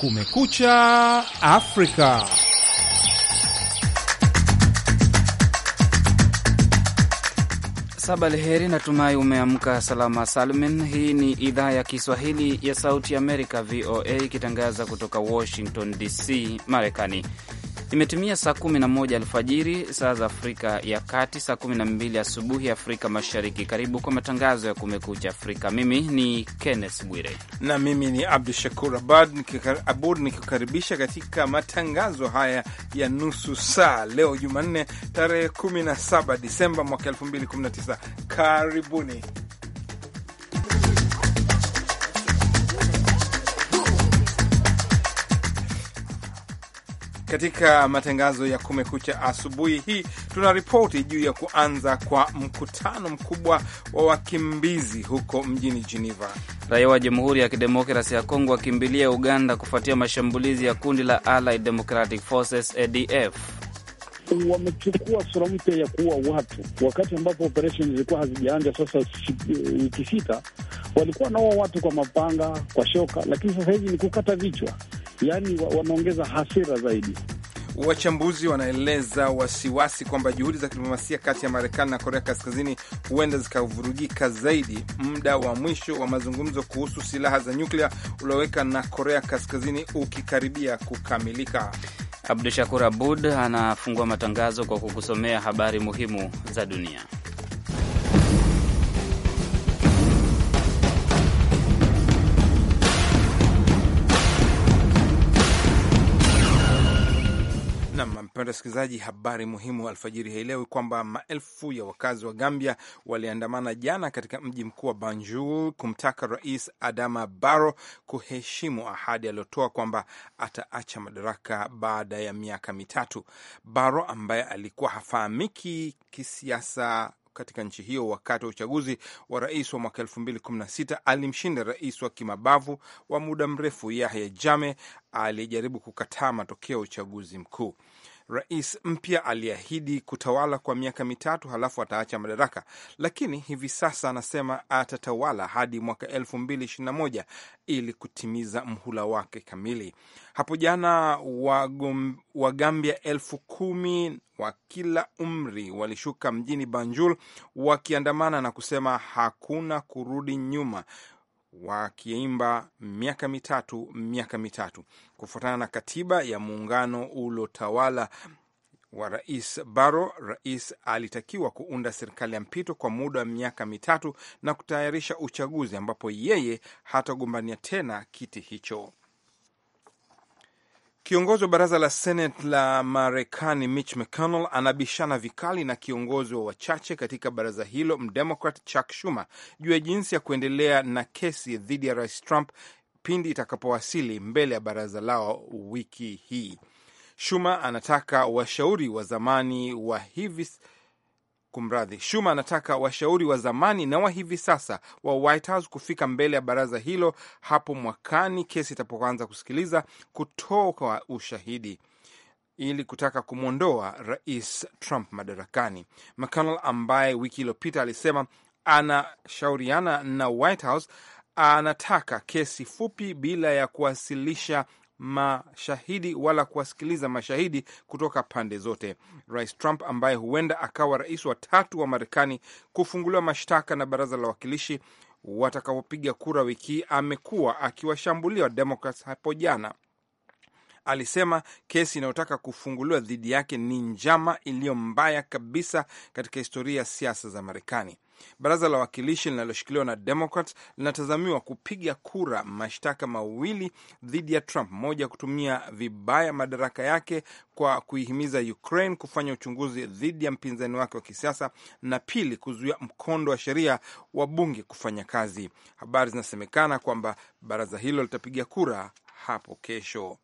Kumekucha Afrika. Saba leheri, natumai umeamka salama salmin. Hii ni idhaa ya Kiswahili ya Sauti Amerika, VOA, ikitangaza kutoka Washington DC, Marekani imetumia saa 11 alfajiri saa za Afrika ya Kati, saa 12 asubuhi Afrika Mashariki. Karibu kwa matangazo ya Kumekucha Afrika. Mimi ni Kenneth Bwire na mimi ni Abdu Shakur Abud nikikukaribisha katika matangazo haya ya nusu saa leo Jumanne tarehe 17 Disemba mwaka 2019. Karibuni. Katika matangazo ya Kumekucha asubuhi hii tuna ripoti juu ya kuanza kwa mkutano mkubwa wa wakimbizi huko mjini Geneva. Raia wa Jamhuri ya Kidemokrasi ya Kongo wakimbilia Uganda kufuatia mashambulizi ya kundi la Allied Democratic Forces ADF wamechukua sura mpya ya kuua watu, wakati ambapo operesheni zilikuwa hazijaanja. Sasa eh, wiki sita walikuwa wanaua watu kwa mapanga, kwa shoka, lakini sasa hivi ni kukata vichwa. Yaani wameongeza wa hasira zaidi. Wachambuzi wanaeleza wasiwasi kwamba juhudi za kidiplomasia kati ya Marekani na Korea Kaskazini huenda zikavurugika zaidi muda wa mwisho wa mazungumzo kuhusu silaha za nyuklia ulioweka na Korea Kaskazini ukikaribia kukamilika. Abdu Shakur Abud anafungua matangazo kwa kukusomea habari muhimu za dunia. Wapenda wasikilizaji, habari muhimu alfajiri hii leo kwamba maelfu ya wakazi wa Gambia waliandamana jana katika mji mkuu wa Banjul kumtaka Rais Adama Barrow kuheshimu ahadi aliyotoa kwamba ataacha madaraka baada ya miaka mitatu. Barrow ambaye alikuwa hafahamiki kisiasa katika nchi hiyo wakati wa uchaguzi wa rais wa mwaka elfu mbili kumi na sita alimshinda rais wa kimabavu wa muda mrefu Yahya jame aliyejaribu kukataa matokeo ya uchaguzi mkuu. Rais mpya aliahidi kutawala kwa miaka mitatu halafu ataacha madaraka, lakini hivi sasa anasema atatawala hadi mwaka elfu mbili ishirini na moja ili kutimiza mhula wake kamili. Hapo jana Wagambia elfu kumi wa kila umri walishuka mjini Banjul wakiandamana na kusema hakuna kurudi nyuma wakiimba miaka mitatu miaka mitatu, kufuatana na katiba ya muungano uliotawala wa Rais baro Rais alitakiwa kuunda serikali ya mpito kwa muda wa miaka mitatu na kutayarisha uchaguzi ambapo yeye hatagombania tena kiti hicho. Kiongozi wa baraza la Senate la Marekani Mitch McConnell anabishana vikali na kiongozi wa wachache katika baraza hilo Mdemokrat Chuck Schumer juu ya jinsi ya kuendelea na kesi dhidi ya Rais Trump pindi itakapowasili mbele ya baraza lao wiki hii. Schumer anataka washauri wa zamani wa hivi Kumradhi, Shuma anataka washauri wa zamani na wa hivi sasa wa White House kufika mbele ya baraza hilo hapo mwakani kesi itapoanza kusikiliza kutoka ushahidi ili kutaka kumwondoa Rais Trump madarakani. McConnell ambaye wiki iliyopita alisema anashauriana na White House anataka kesi fupi bila ya kuwasilisha mashahidi wala kuwasikiliza mashahidi kutoka pande zote. Rais Trump ambaye huenda akawa rais wa tatu wa Marekani kufunguliwa mashtaka na baraza la wawakilishi watakapopiga kura wiki hii amekuwa akiwashambulia Democrats hapo jana alisema kesi inayotaka kufunguliwa dhidi yake ni njama iliyo mbaya kabisa katika historia ya siasa za Marekani. Baraza la Wawakilishi linaloshikiliwa na Demokrat linatazamiwa kupiga kura mashtaka mawili dhidi ya Trump, moja kutumia vibaya madaraka yake kwa kuihimiza Ukraine kufanya uchunguzi dhidi ya mpinzani wake wa kisiasa, na pili, kuzuia mkondo wa sheria wa bunge kufanya kazi. Habari zinasemekana kwamba baraza hilo litapiga kura hapo kesho.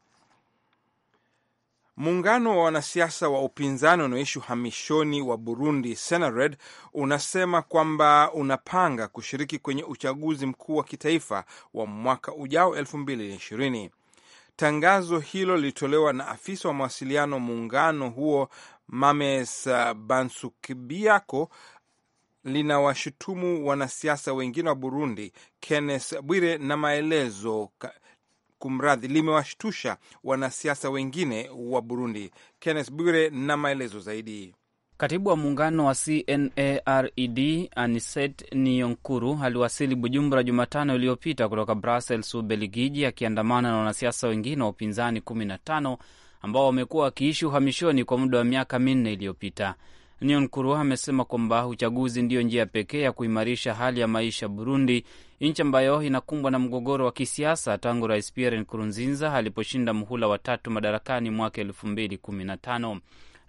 Muungano wa wanasiasa wa upinzani unaoishi uhamishoni wa Burundi, Senared, unasema kwamba unapanga kushiriki kwenye uchaguzi mkuu wa kitaifa wa mwaka ujao 2020. Tangazo hilo lilitolewa na afisa wa mawasiliano muungano huo Mames Bansukibiako linawashutumu wanasiasa wengine wa Burundi, Kenneth Bwire na maelezo kumradhi, limewashtusha wanasiasa wengine wa Burundi. Kenneth Bwire na maelezo zaidi. Katibu wa muungano wa CNARED Aniset Niyonkuru aliwasili Bujumbura Jumatano iliyopita kutoka Brussels, ubeligiji akiandamana na wanasiasa wengine wa upinzani 15 ambao wamekuwa wakiishi uhamishoni kwa muda wa miaka minne iliyopita. Niyonkuru amesema kwamba uchaguzi ndiyo njia pekee ya kuimarisha hali ya maisha Burundi nchi ambayo inakumbwa na mgogoro wa kisiasa tangu Rais Pierre Nkurunziza aliposhinda mhula wa tatu madarakani mwaka elfu mbili kumi na tano.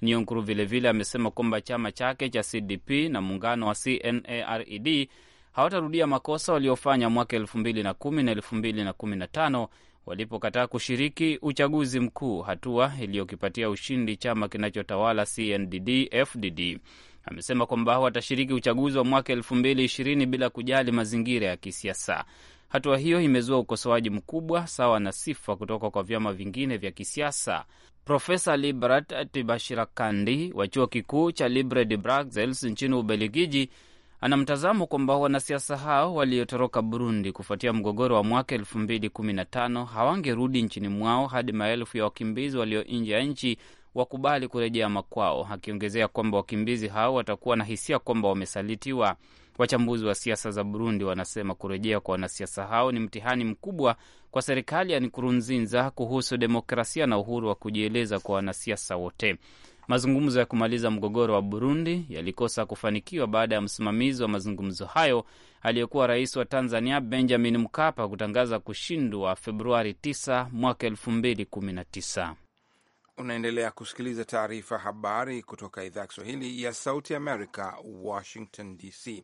Nyonkuru vilevile amesema kwamba chama chake cha CDP na muungano wa CNARED hawatarudia makosa waliofanya mwaka elfu mbili na kumi na elfu mbili na kumi na tano walipokataa kushiriki uchaguzi mkuu, hatua iliyokipatia ushindi chama kinachotawala CNDD FDD amesema kwamba watashiriki uchaguzi wa mwaka elfu mbili ishirini bila kujali mazingira ya kisiasa. Hatua hiyo imezua ukosoaji mkubwa sawa na sifa kutoka kwa vyama vingine vya kisiasa. Profesa Librat Tibashirakandi wa chuo kikuu cha Libre de Bruxelles nchini Ubelgiji ana mtazamo kwamba wanasiasa hao waliotoroka Burundi kufuatia mgogoro wa mwaka elfu mbili kumi na tano hawangerudi nchini mwao hadi maelfu ya wakimbizi walio nje ya nchi wakubali kurejea makwao, akiongezea kwamba wakimbizi hao watakuwa na hisia kwamba wamesalitiwa. Wachambuzi wa siasa za Burundi wanasema kurejea kwa wanasiasa hao ni mtihani mkubwa kwa serikali ya Nkurunziza kuhusu demokrasia na uhuru wa kujieleza kwa wanasiasa wote. Mazungumzo ya kumaliza mgogoro wa Burundi yalikosa kufanikiwa baada ya msimamizi wa mazungumzo hayo aliyekuwa rais wa Tanzania Benjamin Mkapa kutangaza kushindwa Februari 9 mwaka 2019. Unaendelea kusikiliza taarifa habari kutoka idhaa ya Kiswahili ya Sauti Amerika, Washington DC.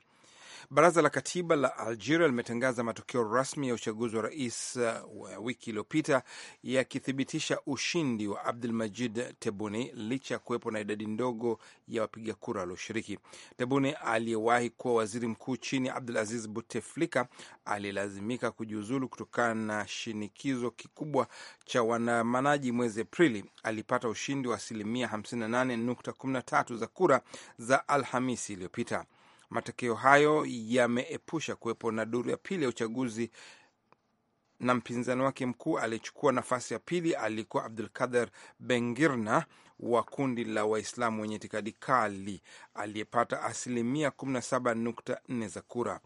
Baraza la katiba la Algeria limetangaza matokeo rasmi ya uchaguzi wa rais uh, wa wiki iliyopita yakithibitisha ushindi wa Abdul Majid Tebuni licha ya kuwepo na idadi ndogo ya wapiga kura walioshiriki. tebuni aliyewahi kuwa waziri mkuu chini Abdul Aziz Buteflika alilazimika kujiuzulu kutokana na shinikizo kikubwa cha waandamanaji mwezi Aprili. Alipata ushindi wa asilimia 58.13 za kura za Alhamisi iliyopita. Matokeo hayo yameepusha kuwepo na duru ya pili ya uchaguzi, na mpinzani wake mkuu aliyechukua nafasi ya pili alikuwa Abdulkader Bengirna wa kundi la Waislamu wenye itikadi kali aliyepata asilimia 17.4 za kura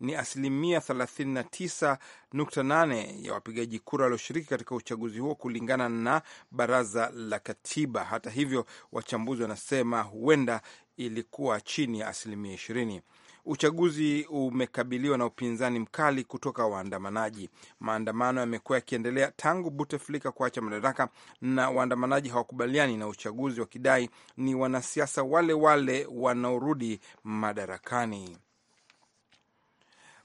ni asilimia 39.8 ya wapigaji kura walioshiriki katika uchaguzi huo kulingana na baraza la katiba. Hata hivyo, wachambuzi wanasema huenda ilikuwa chini ya asilimia ishirini Uchaguzi umekabiliwa na upinzani mkali kutoka waandamanaji. Maandamano yamekuwa yakiendelea tangu Buteflika kuacha madaraka, na waandamanaji hawakubaliani na uchaguzi wakidai ni wanasiasa wale wale wanaorudi madarakani.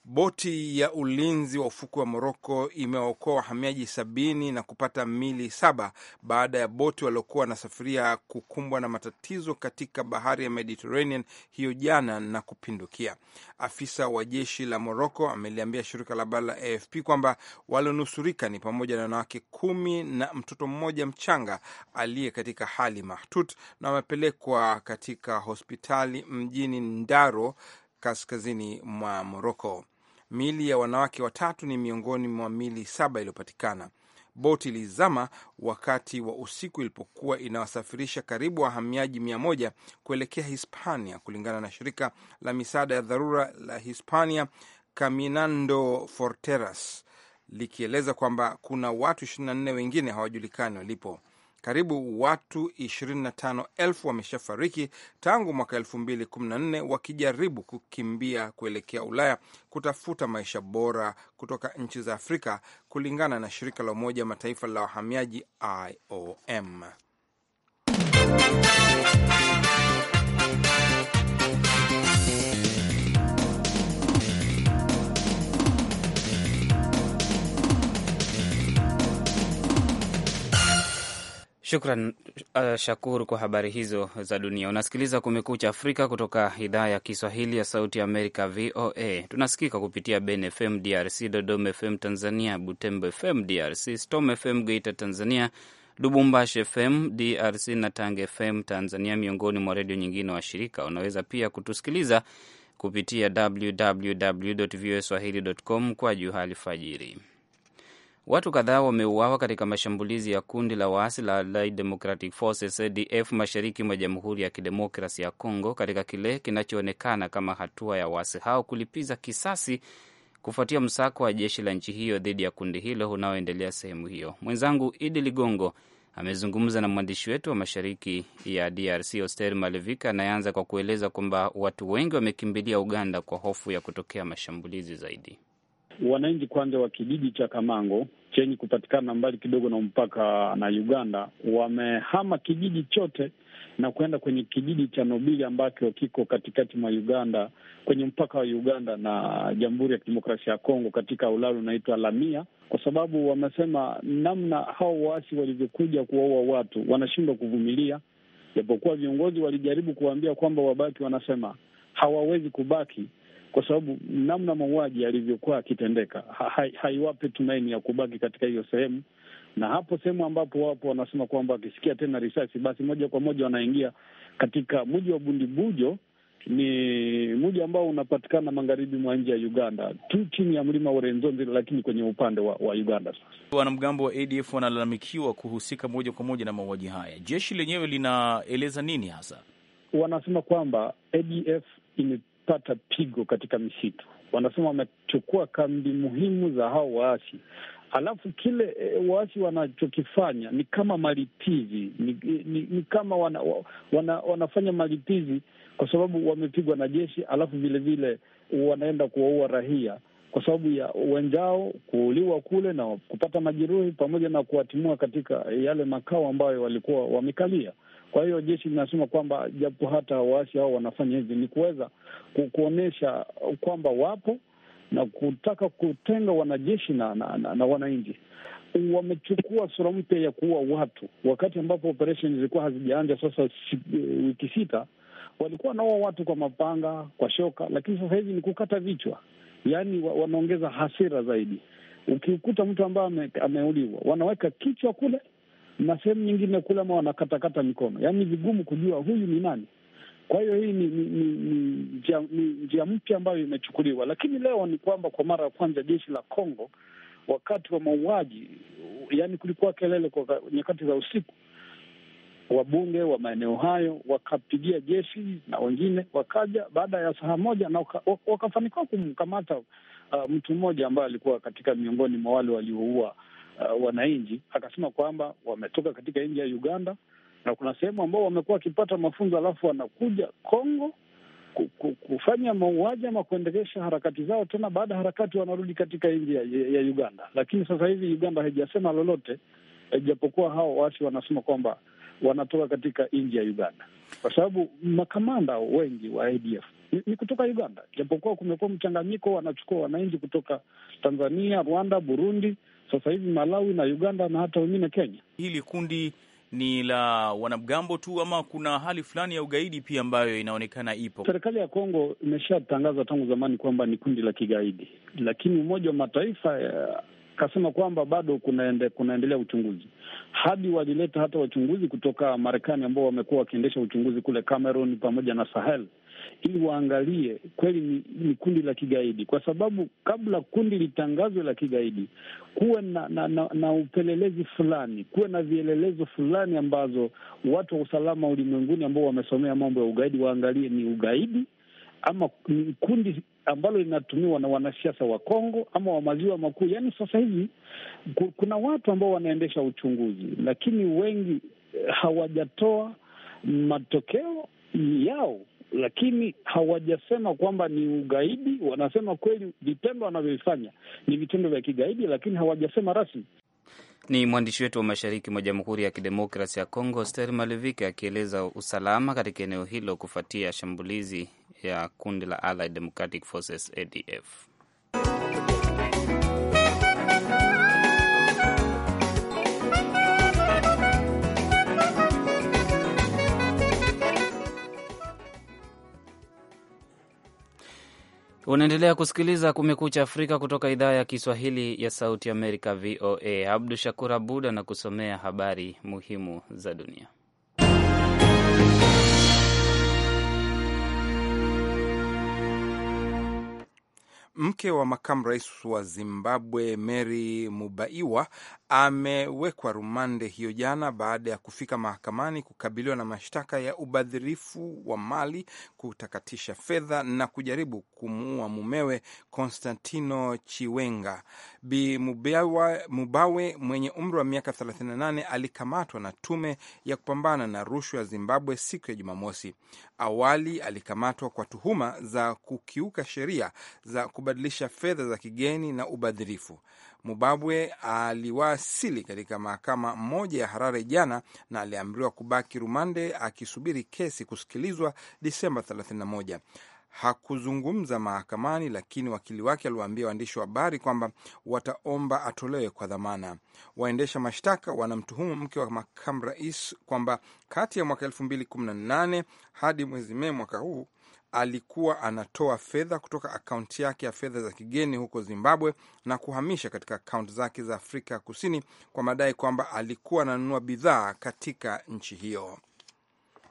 Boti ya ulinzi wa ufukwe wa Moroko imewaokoa wahamiaji sabini na kupata mili saba baada ya boti waliokuwa wanasafiria kukumbwa na matatizo katika bahari ya Mediterranean hiyo jana na kupindukia. Afisa wa jeshi la Moroko ameliambia shirika la habari la AFP kwamba walionusurika ni pamoja na wanawake kumi na mtoto mmoja mchanga aliye katika hali mahtut na wamepelekwa katika hospitali mjini Ndaro kaskazini mwa Moroko mili ya wanawake watatu ni miongoni mwa mili saba iliyopatikana. Boti ilizama wakati wa usiku ilipokuwa inawasafirisha karibu wahamiaji mia moja kuelekea Hispania, kulingana na shirika la misaada ya dharura la Hispania Caminando Fronteras likieleza kwamba kuna watu 24 wengine hawajulikani walipo. Karibu watu 25,000 wameshafariki tangu mwaka 2014 wakijaribu kukimbia kuelekea Ulaya kutafuta maisha bora kutoka nchi za Afrika, kulingana na shirika la Umoja wa Mataifa la wahamiaji IOM. Shukran uh, Shakur, kwa habari hizo za dunia. Unasikiliza Kumekucha Afrika kutoka idhaa ya Kiswahili ya Sauti Amerika, VOA. Tunasikika kupitia Ben FM DRC, Dodoma FM Tanzania, Butembo FM DRC, Storm FM Geita Tanzania, Lubumbashi FM DRC na Tange FM Tanzania, miongoni mwa redio nyingine wa shirika. Unaweza pia kutusikiliza kupitia www voa swahili com kwa juu hali fajiri Watu kadhaa wameuawa katika mashambulizi ya kundi la waasi la Allied Democratic Forces ADF mashariki mwa Jamhuri ya Kidemokrasi ya Congo katika kile kinachoonekana kama hatua ya waasi hao kulipiza kisasi kufuatia msako wa jeshi la nchi hiyo dhidi ya kundi hilo unaoendelea sehemu hiyo. Mwenzangu Idi Ligongo amezungumza na mwandishi wetu wa mashariki ya DRC Oster Malevika, anayeanza kwa kueleza kwamba watu wengi wamekimbilia Uganda kwa hofu ya kutokea mashambulizi zaidi wananchi kwanza wa kijiji cha Kamango chenye kupatikana mbali kidogo na mpaka na Uganda wamehama kijiji chote na kuenda kwenye kijiji cha Nobili ambacho kiko katikati mwa Uganda kwenye mpaka wa Uganda na Jamhuri ya Kidemokrasia ya Kongo katika ulalo unaitwa Lamia, kwa sababu wamesema namna hao waasi walivyokuja kuwaua watu wanashindwa kuvumilia, japokuwa viongozi walijaribu kuwaambia kwamba wabaki, wanasema hawawezi kubaki kwa sababu namna mauaji yalivyokuwa akitendeka haiwape hai tumaini ya kubaki katika hiyo sehemu, na hapo sehemu ambapo wapo wanasema kwamba wakisikia tena risasi, basi moja kwa moja wanaingia katika mji wa Bundibujo. Ni mji ambao unapatikana magharibi mwa nchi ya Uganda tu chini ya mlima renzonzi lakini kwenye upande wa, wa Uganda. Sasa wanamgambo wa ADF wanalalamikiwa kuhusika moja kwa moja na mauaji haya. Jeshi lenyewe linaeleza nini hasa? Wanasema kwamba ADF ime wamepata pigo katika misitu. Wanasema wamechukua kambi muhimu za hao waasi, alafu kile e, waasi wanachokifanya ni kama malipizi, ni, ni, ni kama wana, wana, wanafanya malipizi kwa sababu wamepigwa na jeshi, alafu vilevile wanaenda kuwaua rahia kwa sababu ya wenzao kuuliwa kule na kupata majeruhi pamoja na kuwatimua katika yale makao ambayo walikuwa wamekalia. Kwa hiyo jeshi linasema kwamba japo hata waasi hao wanafanya hivi ni kuweza kuonyesha kwamba wapo na kutaka kutenga wanajeshi na, na, na, na wananchi. Wamechukua sura mpya ya kuua watu, wakati ambapo operesheni zilikuwa hazijaanja sasa e, wiki sita, walikuwa wanaua watu kwa mapanga, kwa shoka, lakini sasa hivi ni kukata vichwa, yaani wanaongeza hasira zaidi. Ukikuta mtu ambaye ameuliwa wanaweka kichwa kule na sehemu nyingine kule ama wanakatakata mikono, yaani vigumu kujua huyu ni nani. Kwa hiyo hii ni njia ni, ni, ni, mpya ambayo imechukuliwa, lakini leo ni kwamba kwa mara ya kwanza jeshi la Kongo wakati wa mauaji, yaani kulikuwa kelele kwa nyakati za usiku, wabunge wa maeneo hayo wakapigia jeshi na wengine wakaja baada ya saa moja na wakafanikiwa waka kumkamata uh, mtu mmoja ambaye alikuwa katika miongoni mwa wale walioua uh, wananchi, akasema kwamba wametoka katika nchi ya Uganda na kuna sehemu ambao wamekuwa wakipata mafunzo alafu wanakuja Kongo kufanya mauaji ama kuendelesha harakati zao, tena baada ya harakati wanarudi katika nchi ya, ya Uganda. Lakini sasa hivi Uganda haijasema lolote, ijapokuwa hao waasi wanasema kwamba wanatoka katika nchi ya Uganda, kwa sababu makamanda wengi wa ADF ni, ni kutoka Uganda, japokuwa kumekuwa mchanganyiko, wanachukua wananchi kutoka Tanzania, Rwanda, Burundi sasa hivi Malawi na Uganda na hata wengine Kenya. Hili kundi ni la wanamgambo tu ama kuna hali fulani ya ugaidi pia ambayo inaonekana ipo? Serikali ya Kongo imeshatangaza tangu zamani kwamba ni kundi la kigaidi, lakini Umoja wa Mataifa akasema eh, kwamba bado kunaende, kunaendelea uchunguzi hadi walileta hata wachunguzi kutoka Marekani ambao wamekuwa wakiendesha uchunguzi kule Cameroon pamoja na Sahel ili waangalie kweli ni, ni kundi la kigaidi, kwa sababu kabla kundi litangazwe la kigaidi kuwe na, na, na, na upelelezi fulani, kuwe na vielelezo fulani ambazo watu wa usalama ulimwenguni ambao wamesomea mambo ya ugaidi waangalie ni ugaidi ama ni kundi ambalo linatumiwa na wanasiasa wa Kongo ama wa maziwa makuu. Yaani sasa hivi kuna watu ambao wanaendesha uchunguzi, lakini wengi hawajatoa matokeo yao lakini hawajasema kwamba ni ugaidi. Wanasema kweli vitendo wanavyovifanya ni vitendo vya kigaidi, lakini hawajasema rasmi. Ni mwandishi wetu wa mashariki mwa Jamhuri ya Kidemokrasi ya Kongo, Ster Malivika, akieleza usalama katika eneo hilo kufuatia shambulizi ya kundi la Allied Democratic Forces, ADF. Unaendelea kusikiliza Kumekucha Afrika kutoka idhaa ya Kiswahili ya Sauti Amerika, VOA. Abdu Shakur Abud anakusomea habari muhimu za dunia. Mke wa makamu rais wa Zimbabwe Mary Mubaiwa amewekwa rumande hiyo jana baada ya kufika mahakamani kukabiliwa na mashtaka ya ubadhirifu wa mali, kutakatisha fedha na kujaribu kumuua mumewe Konstantino Chiwenga. Bi Mubawe, Mubawe mwenye umri wa miaka 38 alikamatwa na tume ya kupambana na rushwa ya Zimbabwe siku ya Jumamosi. Awali alikamatwa kwa tuhuma za kukiuka sheria za kubadilisha fedha za kigeni na ubadhirifu. Mubabwe aliwasili katika mahakama moja ya Harare jana na aliamriwa kubaki rumande akisubiri kesi kusikilizwa Disemba 31. Hakuzungumza mahakamani, lakini wakili wake aliwaambia waandishi wa habari kwamba wataomba atolewe kwa dhamana. Waendesha mashtaka wanamtuhumu mke wa makamu rais kwamba kati ya mwaka 2018 hadi mwezi Mei mwaka huu alikuwa anatoa fedha kutoka akaunti yake ya fedha za kigeni huko Zimbabwe na kuhamisha katika akaunti zake za Afrika Kusini kwa madai kwamba alikuwa ananunua bidhaa katika nchi hiyo.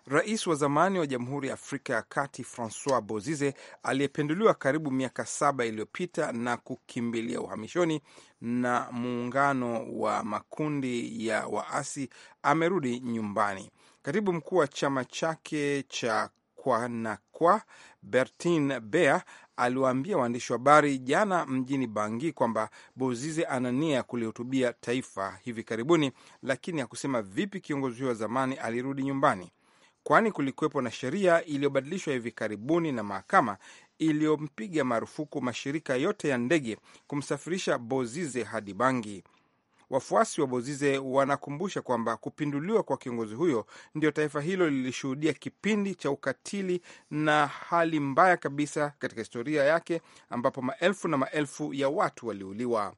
Rais wa zamani wa Jamhuri ya Afrika ya Kati Francois Bozize aliyepinduliwa karibu miaka saba iliyopita na kukimbilia uhamishoni na muungano wa makundi ya waasi amerudi nyumbani. Katibu mkuu wa chama chake cha kwa na kwa Bertin Bea aliwaambia waandishi wa habari jana mjini Bangi kwamba Bozize ana nia ya kulihutubia taifa hivi karibuni, lakini hakusema vipi kiongozi huyo wa zamani alirudi nyumbani, kwani kulikuwepo na sheria iliyobadilishwa hivi karibuni na mahakama iliyompiga marufuku mashirika yote ya ndege kumsafirisha Bozize hadi Bangi. Wafuasi wa Bozize wanakumbusha kwamba kupinduliwa kwa kiongozi huyo ndio taifa hilo lilishuhudia kipindi cha ukatili na hali mbaya kabisa katika historia yake, ambapo maelfu na maelfu ya watu waliuliwa.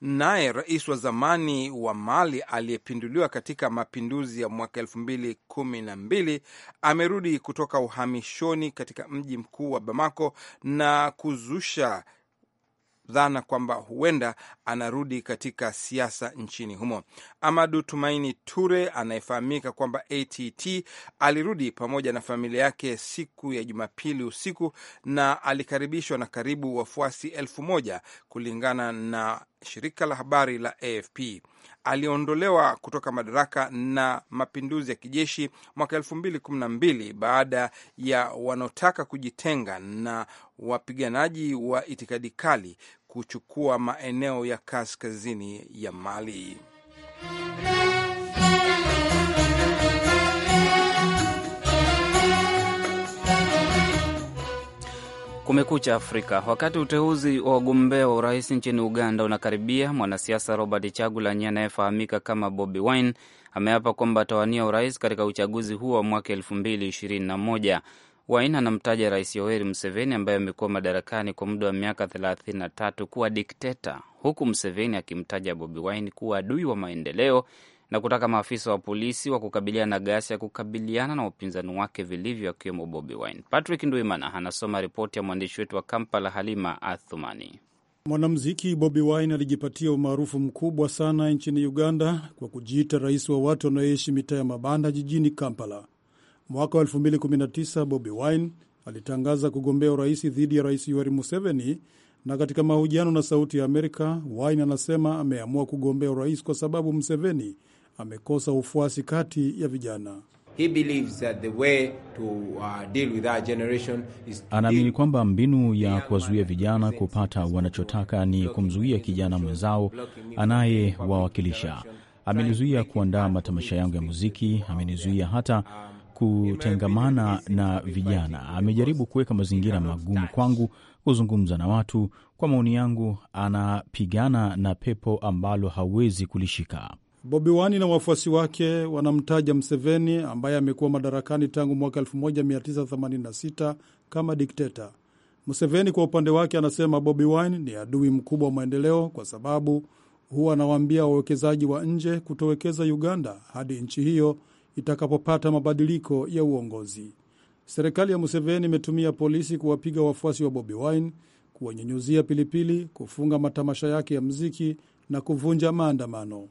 Naye rais wa zamani wa Mali aliyepinduliwa katika mapinduzi ya mwaka elfu mbili kumi na mbili amerudi kutoka uhamishoni katika mji mkuu wa Bamako na kuzusha dhana kwamba huenda anarudi katika siasa nchini humo. Amadu Tumaini Ture anayefahamika kwamba ATT alirudi pamoja na familia yake siku ya Jumapili usiku na alikaribishwa na karibu wafuasi elfu moja kulingana na shirika la habari la AFP. Aliondolewa kutoka madaraka na mapinduzi ya kijeshi mwaka elfu mbili kumi na mbili baada ya wanaotaka kujitenga na wapiganaji wa itikadi kali kuchukua maeneo ya kaskazini ya Mali. Kumekucha Afrika. Wakati uteuzi wa wagombea wa urais nchini Uganda unakaribia, mwanasiasa Robert Chagulanyi anayefahamika kama Bobi Wine ameapa kwamba atawania urais katika uchaguzi huo wa mwaka elfu mbili ishirini na moja. Wine anamtaja Rais Yoweri Museveni ambaye amekuwa madarakani kwa muda wa miaka thelathini na tatu kuwa dikteta, huku Museveni akimtaja Bobi Wine kuwa adui wa maendeleo na kutaka maafisa wa polisi wa kukabiliana na ghasia ya kukabiliana na upinzani wake vilivyo, akiwemo Bobi Wine. Patrick Ndwimana anasoma ripoti ya mwandishi wetu wa Kampala, Halima Athumani. Mwanamuziki Bobi Wine alijipatia umaarufu mkubwa sana nchini Uganda kwa kujiita rais wa watu wanaoishi mitaa ya mabanda jijini Kampala. Mwaka wa 2019 Bobi Wine alitangaza kugombea urais dhidi ya Rais Yoweri Museveni na katika mahojiano na Sauti ya Amerika, Wine anasema ameamua kugombea urais kwa sababu mseveni amekosa ufuasi kati ya vijana. Uh, Anaamini kwamba mbinu ya kuwazuia vijana kupata wanachotaka ni kumzuia kijana mwenzao anayewawakilisha. Amenizuia kuandaa matamasha yangu ya muziki, amenizuia hata kutengamana na vijana. Amejaribu kuweka mazingira magumu kwangu kuzungumza na watu, kwa maoni yangu, anapigana na pepo ambalo hauwezi kulishika. Bobi Wani na wafuasi wake wanamtaja Mseveni ambaye amekuwa madarakani tangu mwaka 1986 kama dikteta. Mseveni kwa upande wake anasema Bobi Wine ni adui mkubwa wa maendeleo kwa sababu huwa anawaambia wawekezaji wa nje kutowekeza Uganda hadi nchi hiyo itakapopata mabadiliko ya uongozi. Serikali ya Museveni imetumia polisi kuwapiga wafuasi wa Bobi Wine, kuwanyunyuzia pilipili, kufunga matamasha yake ya mziki na kuvunja maandamano.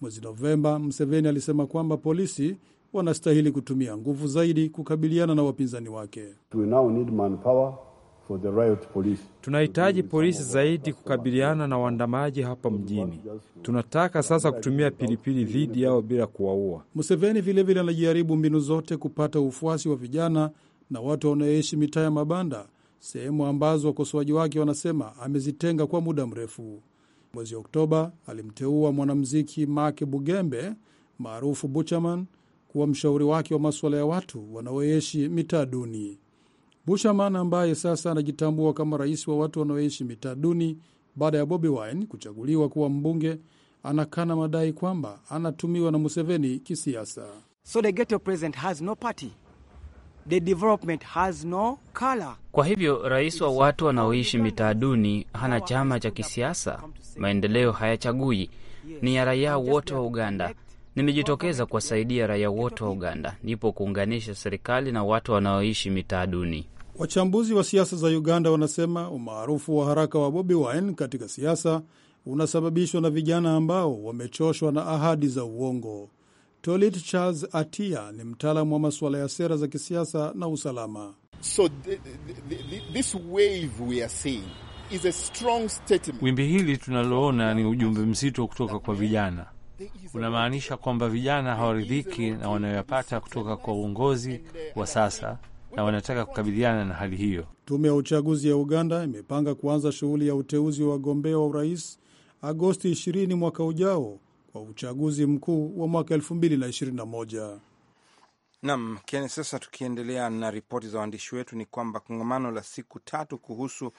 Mwezi Novemba, Museveni alisema kwamba polisi wanastahili kutumia nguvu zaidi kukabiliana na wapinzani wake. We now need manpower For the riot police. Tunahitaji polisi zaidi kukabiliana na waandamaji hapa mjini. Tunataka sasa kutumia pilipili dhidi yao bila kuwaua. Museveni vilevile anajaribu mbinu zote kupata ufuasi wa vijana na watu wanaoishi mitaa ya mabanda, sehemu ambazo wakosoaji wake wanasema amezitenga kwa muda mrefu. Mwezi Oktoba alimteua mwanamziki Mark Bugembe maarufu Buchaman kuwa mshauri wake wa masuala ya watu wanaoishi mitaa duni. Bushaman ambaye sasa anajitambua kama rais wa watu wanaoishi mitaa duni baada ya Bobi Wine kuchaguliwa kuwa mbunge, anakana madai kwamba anatumiwa na Museveni kisiasa. So the ghetto president has no party. The development has no color. Kwa hivyo rais wa watu wanaoishi mitaa duni hana chama cha kisiasa, maendeleo hayachagui, ni ya raia wote wa Uganda. Nimejitokeza kuwasaidia raia wote wa Uganda, nipo kuunganisha serikali na watu wanaoishi mitaa duni. Wachambuzi wa siasa za Uganda wanasema umaarufu wa haraka wa Bobi Wine katika siasa unasababishwa na vijana ambao wamechoshwa na ahadi za uongo. Tolit Charles Atia ni mtaalamu wa masuala ya sera za kisiasa na usalama. So the, the, the, this wave we are seeing is a strong statement. Wimbi hili tunaloona ni ujumbe mzito kutoka kwa vijana, unamaanisha kwamba vijana hawaridhiki na wanayoyapata kutoka kwa uongozi wa sasa na wanataka kukabiliana na hali hiyo. Tume ya uchaguzi ya Uganda imepanga kuanza shughuli ya uteuzi wa wagombea wa urais Agosti 20 mwaka ujao kwa uchaguzi mkuu wa mwaka 2021. Nam Kenya. Sasa tukiendelea na ripoti za waandishi wetu, ni kwamba kongamano la siku tatu kuhusu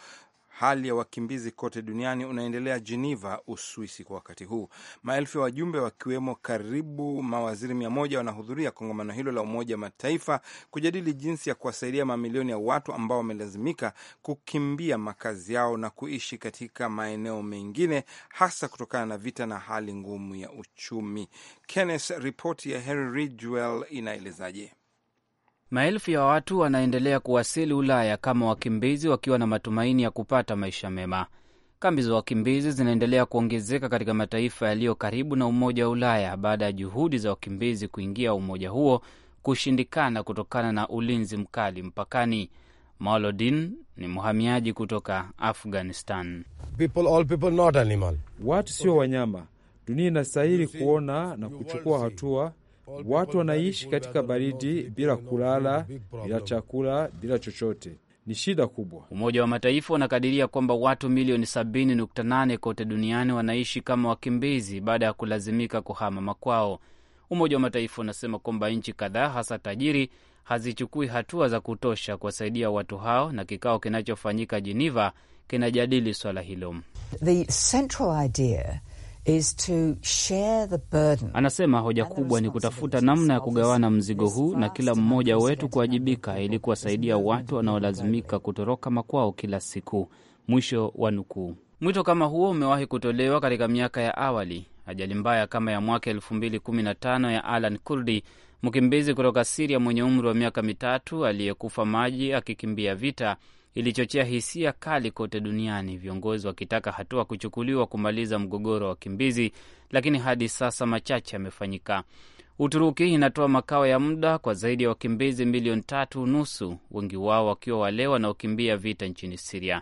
hali ya wakimbizi kote duniani unaendelea Geneva, Uswisi kwa wakati huu. Maelfu ya wajumbe wakiwemo karibu mawaziri mia moja wanahudhuria kongamano hilo la Umoja wa Mataifa kujadili jinsi ya kuwasaidia mamilioni ya watu ambao wamelazimika kukimbia makazi yao na kuishi katika maeneo mengine, hasa kutokana na vita na hali ngumu ya uchumi. Kenneth, ripoti ya Henry Ridgewell inaelezaje? Maelfu ya watu wanaendelea kuwasili Ulaya kama wakimbizi wakiwa na matumaini ya kupata maisha mema. Kambi za wakimbizi zinaendelea kuongezeka katika mataifa yaliyo karibu na Umoja wa Ulaya baada ya juhudi za wakimbizi kuingia umoja huo kushindikana kutokana na ulinzi mkali mpakani. Maolodin ni mhamiaji kutoka Afghanistan. People, all people, not animal. Watu sio wanyama. Dunia inastahili kuona na kuchukua hatua Watu wanaishi katika baridi, bila kulala, bila chakula, bila chochote. Ni shida kubwa. Umoja wa Mataifa unakadiria kwamba watu milioni 70.8 kote duniani wanaishi kama wakimbizi baada ya kulazimika kuhama makwao. Umoja wa Mataifa unasema kwamba nchi kadhaa hasa tajiri hazichukui hatua za kutosha kuwasaidia watu hao, na kikao kinachofanyika Jeneva kinajadili swala hilo. The central idea is to share the burden. Anasema hoja kubwa ni kutafuta namna ya kugawana mzigo huu na kila mmoja wetu kuwajibika ili kuwasaidia watu wanaolazimika kutoroka makwao kila siku. Mwisho wa nukuu. Mwito kama huo umewahi kutolewa katika miaka ya awali. Ajali mbaya kama ya mwaka 2015 ya Alan Kurdi, mkimbizi kutoka Siria mwenye umri wa miaka mitatu aliyekufa maji akikimbia vita ilichochea hisia kali kote duniani, viongozi wakitaka hatua kuchukuliwa kumaliza mgogoro wa wakimbizi, lakini hadi sasa machache yamefanyika. Uturuki inatoa makao ya muda kwa zaidi ya wakimbizi milioni tatu nusu, wengi wao wakiwa wale wanaokimbia vita nchini Siria.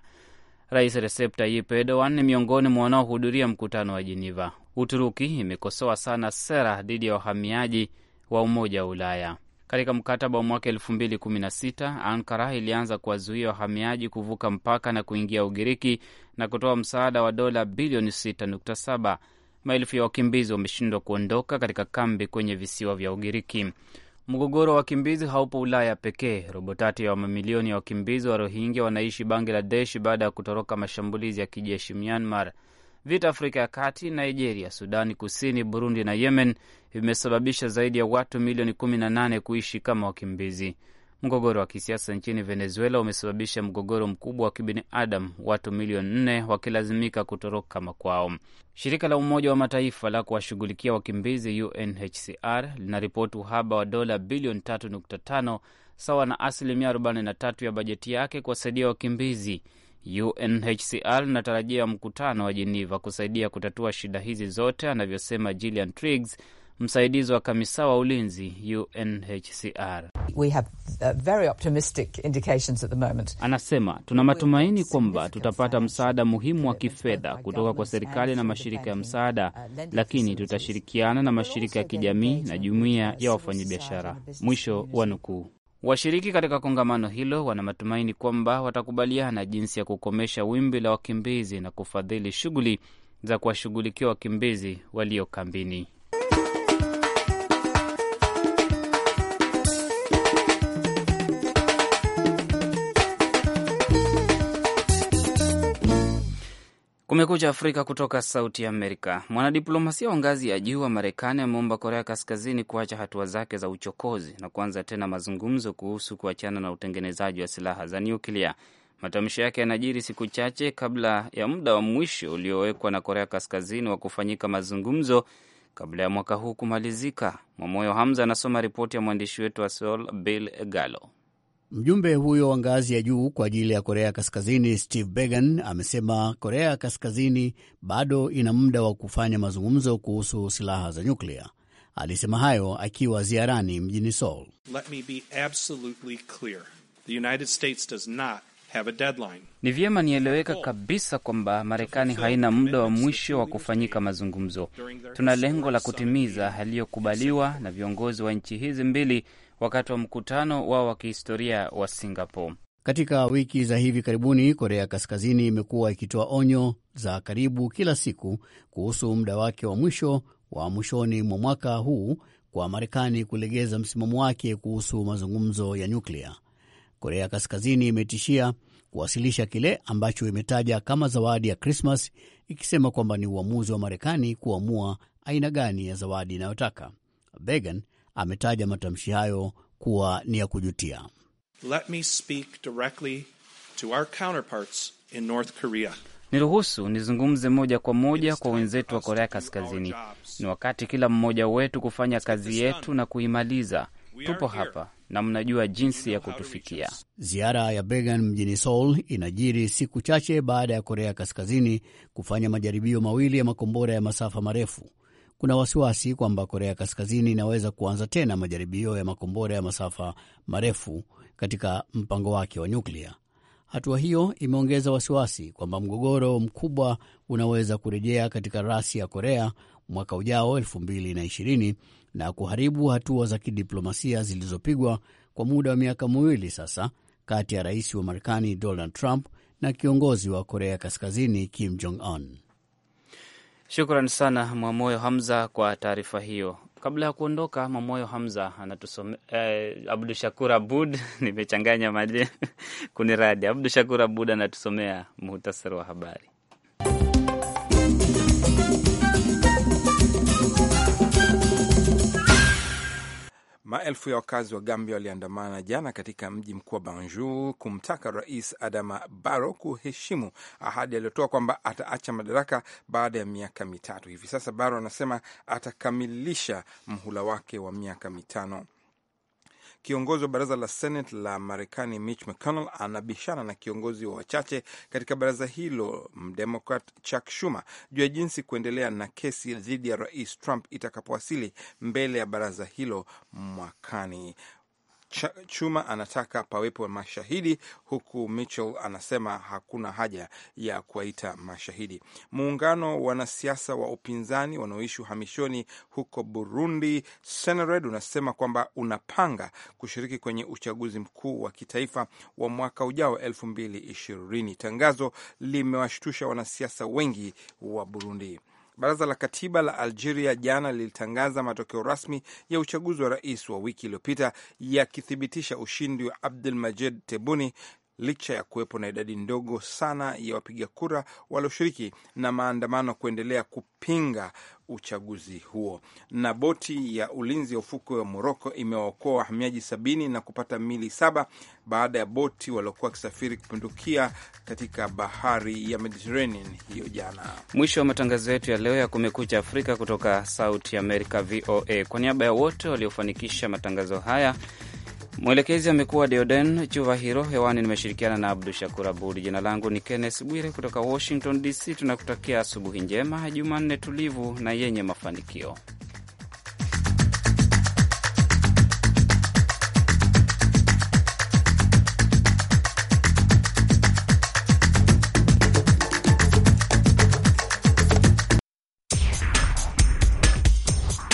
Rais Recep Tayyip Erdogan ni miongoni mwa wanaohudhuria mkutano wa Jeniva. Uturuki imekosoa sana sera dhidi ya wahamiaji wa Umoja wa Ulaya. Katika mkataba wa mwaka elfu mbili kumi na sita Ankara ilianza kuwazuia wahamiaji kuvuka mpaka na kuingia Ugiriki na kutoa msaada wa dola bilioni 6.7. Maelfu ya wakimbizi wameshindwa kuondoka katika kambi kwenye visiwa vya Ugiriki. Mgogoro wa wakimbizi haupo Ulaya pekee. Robo tatu ya mamilioni ya wakimbizi wa Rohingya wanaishi Bangladesh baada ya kutoroka mashambulizi ya kijeshi Myanmar. Vita Afrika ya Kati, Nigeria, Sudani Kusini, Burundi na Yemen vimesababisha zaidi ya watu milioni 18 kuishi kama wakimbizi. Mgogoro wa kisiasa nchini Venezuela umesababisha mgogoro mkubwa wa kibinadamu, watu milioni nne wakilazimika kutoroka makwao. Shirika la Umoja wa Mataifa la kuwashughulikia wakimbizi UNHCR linaripoti uhaba wa dola bilioni 3.5 sawa na asilimia 43 ya bajeti yake kuwasaidia wakimbizi. UNHCR inatarajia mkutano wa jeniva kusaidia kutatua shida hizi zote, anavyosema Gillian Triggs, msaidizi wa kamisa wa ulinzi UNHCR. We have uh, very optimistic indications at the moment. Anasema tuna matumaini kwamba tutapata msaada muhimu wa kifedha kutoka kwa serikali na mashirika ya msaada, uh, lakini tutashirikiana na mashirika ya kijamii na jumuiya ya wafanyabiashara. Mwisho wa nukuu. Washiriki katika kongamano hilo wana matumaini kwamba watakubaliana jinsi ya kukomesha wimbi la wakimbizi na kufadhili shughuli za kuwashughulikia wakimbizi walio kambini. Kumekucha Afrika kutoka Sauti ya Amerika. Mwanadiplomasia wa ngazi ya juu wa Marekani ameomba Korea Kaskazini kuacha hatua zake za uchokozi na kuanza tena mazungumzo kuhusu kuachana na utengenezaji wa silaha za nyuklia. Matamshi yake yanajiri siku chache kabla ya muda wa mwisho uliowekwa na Korea Kaskazini wa kufanyika mazungumzo kabla ya mwaka huu kumalizika. Mwamoyo Hamza anasoma ripoti ya mwandishi wetu wa Seoul, Bill Galo. Mjumbe huyo wa ngazi ya juu kwa ajili ya Korea Kaskazini Steve Began amesema Korea Kaskazini bado ina muda wa kufanya mazungumzo kuhusu silaha za nyuklia. Alisema hayo akiwa ziarani mjini Seoul. Let me be absolutely clear. The United States does not ni vyema nieleweka kabisa kwamba Marekani haina muda wa mwisho wa kufanyika mazungumzo. Tuna lengo la kutimiza yaliyokubaliwa na viongozi wa nchi hizi mbili wakati wa mkutano wao wa kihistoria wa Singapore. Katika wiki za hivi karibuni, Korea Kaskazini imekuwa ikitoa onyo za karibu kila siku kuhusu muda wake wa mwisho wa mwishoni mwa mwaka huu kwa Marekani kulegeza msimamo wake kuhusu mazungumzo ya nyuklia. Korea Kaskazini imetishia kuwasilisha kile ambacho imetaja kama zawadi ya Krismas, ikisema kwamba ni uamuzi wa Marekani kuamua aina gani ya zawadi inayotaka. Began ametaja matamshi hayo kuwa ni ya kujutia. Let me speak directly to our counterparts in North Korea. Niruhusu nizungumze moja kwa moja kwa wenzetu wa Korea Kaskazini. Ni wakati kila mmoja wetu kufanya kazi yetu na kuimaliza. Tupo hapa, na mnajua jinsi ya kutufikia. Ziara ya Began mjini Seoul inajiri siku chache baada ya Korea Kaskazini kufanya majaribio mawili ya makombora ya masafa marefu. Kuna wasiwasi kwamba Korea Kaskazini inaweza kuanza tena majaribio ya makombora ya masafa marefu katika mpango wake wa nyuklia. Hatua hiyo imeongeza wasiwasi kwamba mgogoro mkubwa unaweza kurejea katika rasi ya Korea mwaka ujao 2020 na kuharibu hatua za kidiplomasia zilizopigwa kwa muda wa miaka miwili sasa kati ya rais wa Marekani Donald Trump na kiongozi wa Korea Kaskazini Kim Jong Un. Shukran sana Mwamoyo Hamza kwa taarifa hiyo. Kabla ya kuondoka, Mwamoyo Hamza anatusome eh, Abdu Shakur Abud nimechanganya maji kuniradi. Abdu Shakur Abud anatusomea muhtasari wa habari. Maelfu ya wakazi wa Gambia waliandamana jana katika mji mkuu wa Banjul kumtaka Rais Adama Barrow kuheshimu ahadi aliyotoa kwamba ataacha madaraka baada ya miaka mitatu. Hivi sasa Barrow anasema atakamilisha mhula wake wa miaka mitano. Kiongozi wa baraza la Senate la Marekani Mitch McConnell anabishana na kiongozi wa wachache katika baraza hilo Mdemokrat Chuck Schumer juu ya jinsi kuendelea na kesi dhidi ya Rais Trump itakapowasili mbele ya baraza hilo mwakani. Chuma anataka pawepo mashahidi, huku Mitchell anasema hakuna haja ya kuwaita mashahidi. Muungano wa wanasiasa wa upinzani wanaoishi uhamishoni huko Burundi, Senared, unasema kwamba unapanga kushiriki kwenye uchaguzi mkuu wa kitaifa wa mwaka ujao elfu mbili ishirini. Tangazo limewashtusha wanasiasa wengi wa Burundi. Baraza la katiba la Algeria jana lilitangaza matokeo rasmi ya uchaguzi wa rais wa wiki iliyopita yakithibitisha ushindi wa Abdul Majid Tebuni licha ya kuwepo na idadi ndogo sana ya wapiga kura walioshiriki na maandamano kuendelea kupinga uchaguzi huo. Na boti ya ulinzi ya ufukwe wa Moroko imewaokoa wahamiaji sabini na kupata mili saba baada ya boti waliokuwa wakisafiri kupindukia katika bahari ya Mediterranean hiyo jana. Mwisho wa matangazo yetu ya leo ya Kumekucha Afrika kutoka Sauti Amerika, VOA. Kwa niaba ya wote waliofanikisha matangazo haya Mwelekezi amekuwa Deoden Chuva Hiro. Hewani nimeshirikiana na Abdu Shakur Abud. Jina langu ni Kenneth Bwire kutoka Washington DC. Tunakutakia asubuhi njema, Jumanne tulivu na yenye mafanikio.